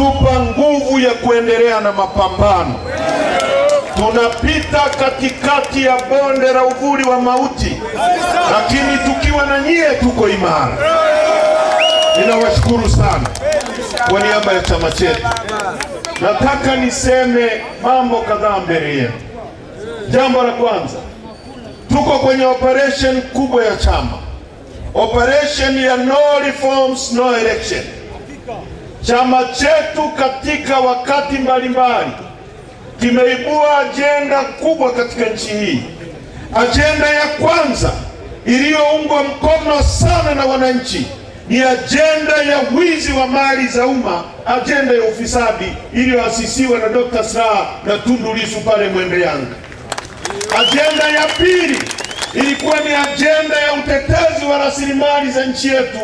kutupa nguvu ya kuendelea na mapambano. Tunapita katikati ya bonde la uvuli wa mauti, lakini tukiwa na nyie tuko imara. Ninawashukuru sana kwa niaba ya chama chetu. Nataka niseme mambo kadhaa mbele yenu. Jambo la kwanza, tuko kwenye operation kubwa ya chama, operation ya no reforms no election. Chama chetu katika wakati mbalimbali kimeibua ajenda kubwa katika nchi hii. Ajenda ya kwanza iliyoungwa mkono sana na wananchi ni ajenda ya wizi wa mali za umma, ajenda ya ufisadi iliyoasisiwa na Dr. Slaa na Tundu Lissu pale Mwembe Yanga. Ajenda ya pili ilikuwa ni ajenda ya utetezi wa rasilimali za nchi yetu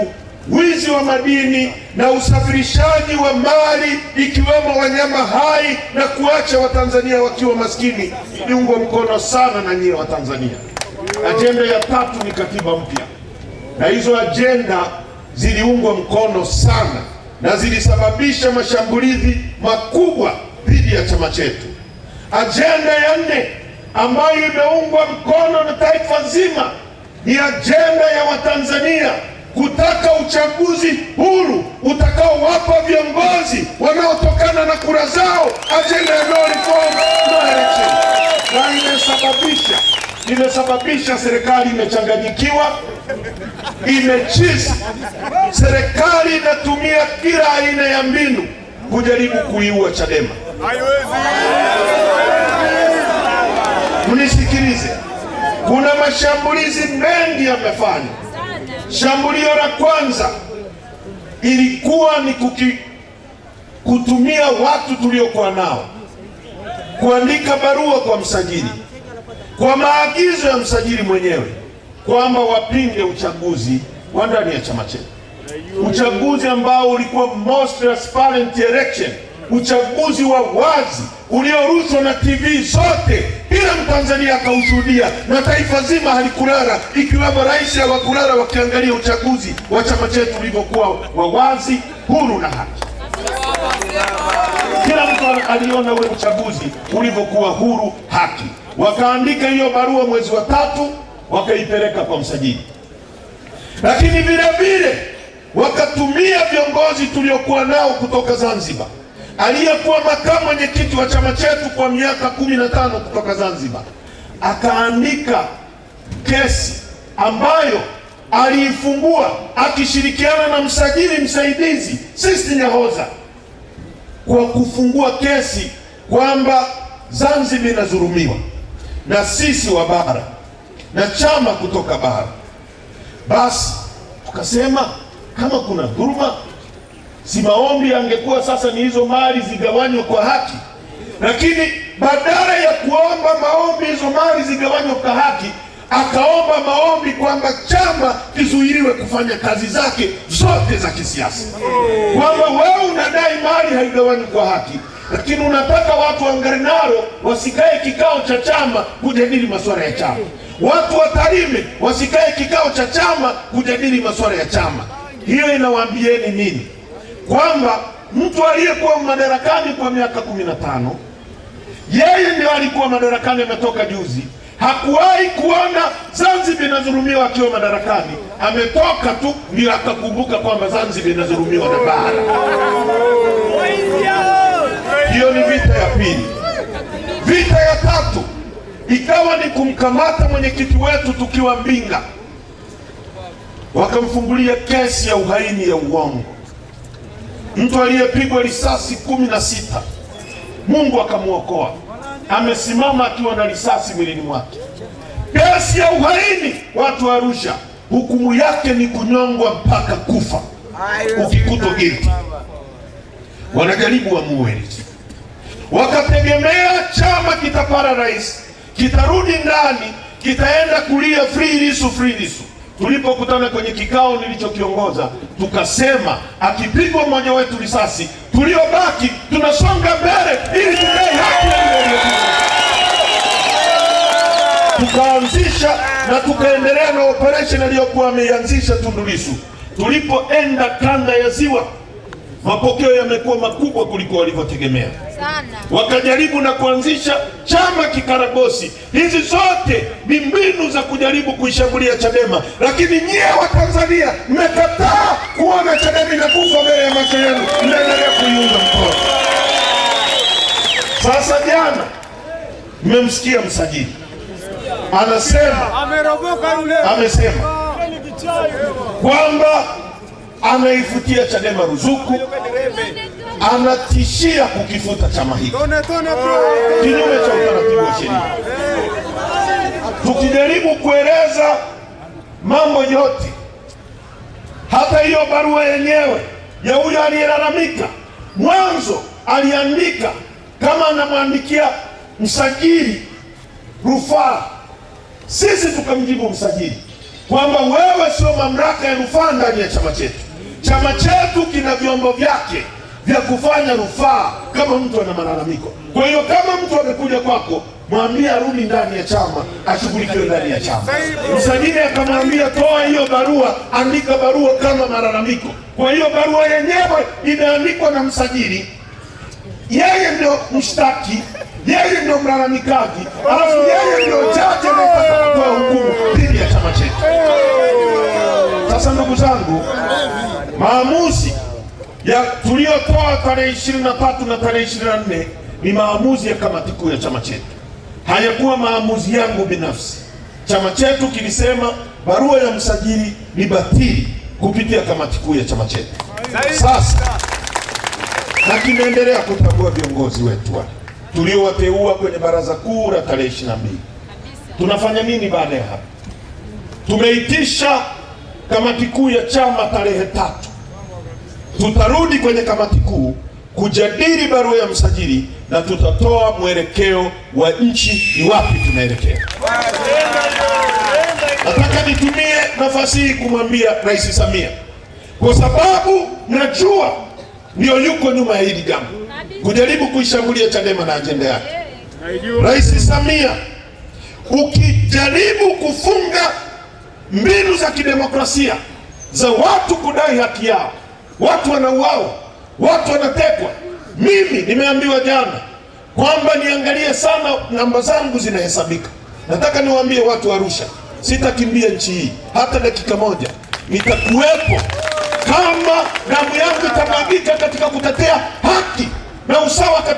wizi wa madini na usafirishaji wa mali ikiwemo wanyama hai na kuacha Watanzania wakiwa maskini. Niungwe mkono sana na nyie Watanzania. Ajenda ya tatu ni katiba mpya, na hizo ajenda ziliungwa mkono sana na zilisababisha mashambulizi makubwa dhidi ya chama chetu. Ajenda ya nne ambayo imeungwa mkono na taifa zima ni ajenda ya Watanzania kutaka uchaguzi huru utakaowapa viongozi wanaotokana na kura zao ajenda ya no reform no election, na imesababisha imesababisha serikali imechanganyikiwa, imechisi. Serikali inatumia kila aina ya mbinu kujaribu kuiua Chadema. Mnisikilize, kuna mashambulizi mengi yamefanywa Shambulio la kwanza ilikuwa ni kuki, kutumia watu tuliokuwa nao kuandika barua kwa msajili kwa maagizo ya msajili mwenyewe kwamba wapinge uchaguzi wa ndani ya chama chetu, uchaguzi ambao ulikuwa most transparent election, uchaguzi wa wazi uliorushwa na TV zote, bila mtanzania akaushuhudia na taifa zima halikulala, ikiwemo rais hawakulala wakiangalia uchaguzi wa chama chetu ulivyokuwa wa wazi, huru na haki. Kila mtu aliona ule uchaguzi ulivyokuwa huru, haki. Wakaandika hiyo barua mwezi wa tatu, wakaipeleka kwa msajili, lakini vile vile wakatumia viongozi tuliokuwa nao kutoka Zanzibar aliyekuwa makamu mwenyekiti wa chama chetu kwa miaka kumi na tano kutoka Zanzibar akaandika kesi ambayo aliifungua akishirikiana na msajili msaidizi Sisti Nyahoza kwa kufungua kesi kwamba Zanzibar inadhulumiwa na sisi wa bara na chama kutoka bara. Basi tukasema kama kuna dhuluma si maombi angekuwa sasa ni hizo mali zigawanywe kwa haki, lakini badala ya kuomba maombi hizo mali zigawanywe kwa haki, akaomba maombi kwamba chama kizuiliwe kufanya kazi zake zote za kisiasa, kwamba wewe unadai mali haigawanywi kwa haki lakini unataka watu wa Ngarenaro wasikae kikao cha chama kujadili masuala ya chama, watu wa Tarime wasikae kikao cha chama kujadili masuala ya chama. Hiyo inawaambieni nini? kwamba mtu aliyekuwa madarakani kwa miaka kumi na tano yeye ndio alikuwa madarakani, ametoka juzi, hakuwahi kuona Zanzibar inadhulumiwa akiwa madarakani. Ametoka tu ndio akakumbuka kwamba Zanzibar inadhulumiwa na bara. Hiyo ni vita ya pili. Vita ya tatu ikawa ni kumkamata mwenyekiti wetu tukiwa Mbinga, wakamfungulia kesi ya uhaini ya uongo mtu aliyepigwa risasi kumi na sita Mungu akamwokoa, amesimama akiwa na risasi mwilini mwake. Kesi ya uhaini, watu wa Arusha, hukumu yake ni kunyongwa mpaka kufa. Ukikutwa guilty, wanajaribu wamuue. Wakategemea chama kitapara rais, kitarudi ndani, kitaenda kulia free Lissu, free Lissu Tulipokutana kwenye kikao nilichokiongoza, tukasema akipigwa mmoja wetu risasi, tuliobaki tunasonga mbele ili tudai haki. Tukaanzisha na tukaendelea na operesheni aliyokuwa ameianzisha Tundu Lissu. Tulipoenda kanda ya Ziwa mapokeo yamekuwa makubwa kuliko walivyotegemea sana. Wakajaribu na kuanzisha chama kikaragosi. Hizi zote ni mbinu za kujaribu kuishambulia Chadema, lakini nyie tanzania mmekataa kuona Chadema inakufa mbele ya macho yenu, mnaendelea kuiunga mkono. Sasa jana mmemsikia msajili anasema, amesema kwamba anaifutia Chadema ruzuku, anatishia kukifuta chama hiki kinyume cha utaratibu wa sheria. Tukijaribu kueleza mambo yote, hata hiyo barua yenyewe ya huyo aliyelalamika mwanzo aliandika kama anamwandikia msajili rufaa, sisi tukamjibu msajili kwamba wewe sio mamlaka ya rufaa ndani ya chama chetu. Chama chetu kina vyombo vyake vya kufanya rufaa kama mtu ana malalamiko. Kwa hiyo kama mtu amekuja kwako, mwambie arudi ndani ya chama, ashughulikiwe ndani ya chama. Msajili akamwambia toa hiyo barua, andika barua kama malalamiko. Kwa hiyo barua yenyewe imeandikwa na msajili, yeye ndio mshtaki yeye ndio mlalamikaji, alafu yeye ndio jaji kwa hukumu dhidi ya chama chetu. Sasa ndugu zangu, maamuzi ya tuliyotoa tarehe ishirini na tatu na tarehe ishirini na nne ni maamuzi ya kamati kuu ya chama chetu, hayakuwa maamuzi yangu binafsi. Chama chetu kilisema barua ya msajili ni batili kupitia kamati kuu ya chama chetu. Sasa na kimeendelea kuchagua viongozi wetu wale tuliowateua kwenye baraza kuu la tarehe 22. Tunafanya nini baada ya hapo? Tumeitisha kamati kuu ya chama tarehe tatu. Tutarudi kwenye kamati kuu kujadili barua ya msajili na tutatoa mwelekeo wa nchi, ni wapi tunaelekea. Nataka nitumie nafasi hii kumwambia Rais Samia, kwa sababu najua ndio yuko nyuma ya hili jambo kujaribu kuishambulia Chadema na ajenda yake. Rais Samia, ukijaribu kufunga mbinu za kidemokrasia za watu kudai haki yao, watu wanauawa, watu wanatekwa. Mimi nimeambiwa jana kwamba niangalie sana namba zangu zinahesabika. Nataka niwaambie watu Arusha, sitakimbia nchi hii hata dakika moja, nitakuwepo kama damu yangu itamwagika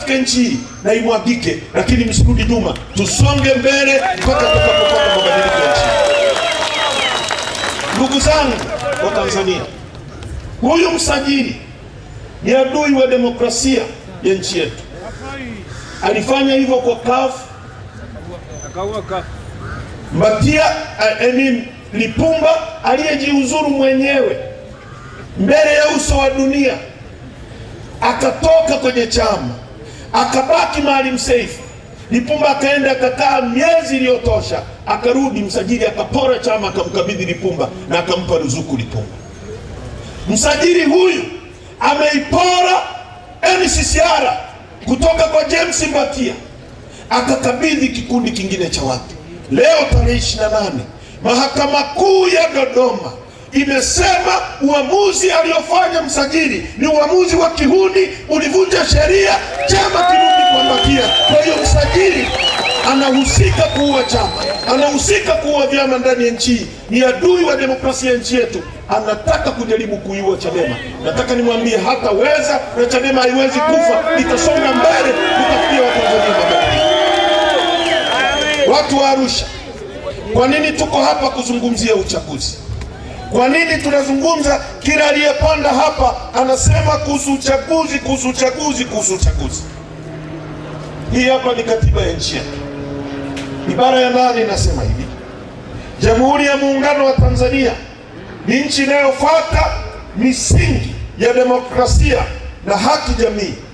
katika nchi hii na imwagike, lakini msirudi nyuma, tusonge mbele mpaka tutakapopata mabadiliko ya nchi. Ndugu zangu wa Tanzania, huyu msajili ni adui wa demokrasia ya nchi yetu. Alifanya hivyo kwa kafu Mbatia Emin eh, Lipumba aliyejiuzuru mwenyewe mbele ya uso wa dunia, akatoka kwenye chama akabaki Maalim Seif. Lipumba akaenda akakaa miezi iliyotosha, akarudi, msajili akapora chama, akamkabidhi Lipumba na akampa ruzuku Lipumba. Msajili huyu ameipora NCCR kutoka kwa James Mbatia, akakabidhi kikundi kingine cha watu. Leo tarehe 28 Mahakama Kuu ya Dodoma imesema uamuzi aliofanya msajili ni uamuzi wa kihuni, ulivunja sheria, chama kirudi kuambakia. Kwa hiyo msajili anahusika kuua chama, anahusika kuua vyama ndani ya nchi hii, ni adui wa demokrasia ya nchi yetu, anataka kujaribu kuiua Chadema. Nataka nimwambie hata weza na Chadema haiwezi kufa, itasonga mbele kutafutia Watanzania mabadiliko. Watu wa Arusha, kwa nini tuko hapa kuzungumzia uchaguzi? Kwa nini tunazungumza? Kila aliyepanda hapa anasema kuhusu uchaguzi, kuhusu uchaguzi, kuhusu uchaguzi. Hii hapa ni katiba ya nchi yetu, ibara ya nane inasema hivi: Jamhuri ya Muungano wa Tanzania ni nchi inayofuata misingi ya demokrasia na haki jamii